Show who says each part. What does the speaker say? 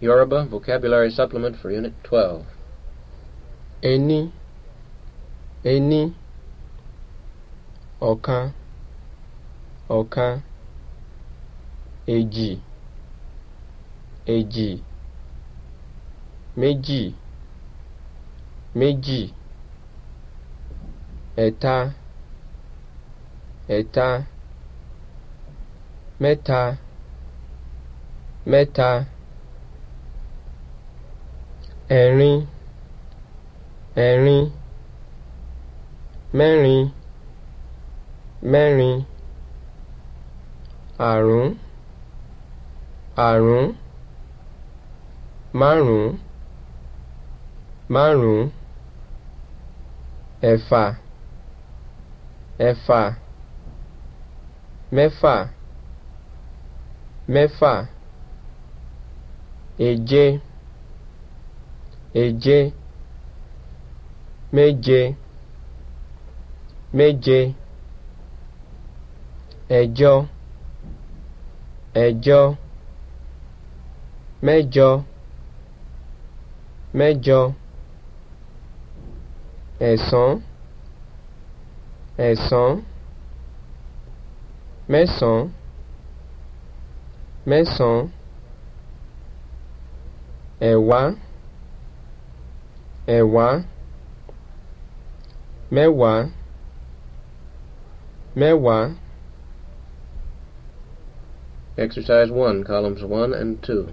Speaker 1: Yoruba Vocabulary Supplement for Unit 12. Eni. Eni. ọ̀kan, ọ̀kan, èjì, èjì, Meji. Meji. ẹ̀ta, ẹ̀ta, Meta. Meta. mẹ́ta ẹ̀rin ẹ̀rin mẹ́rin mẹ́rin àrún àrún márùn-ún márùn-ún ẹ̀fà ẹ̀fà mẹ́fà mẹ́fà èje èje méje méje ẹ̀jọ ẹ̀jọ mẹ́jọ mẹ́jọ ẹ̀sán ẹ̀sán mẹ́sàn mẹ́sàn ẹ̀wá. ẹ̀wá mẹ́wàá one. Exercise 1, columns 1 and 2.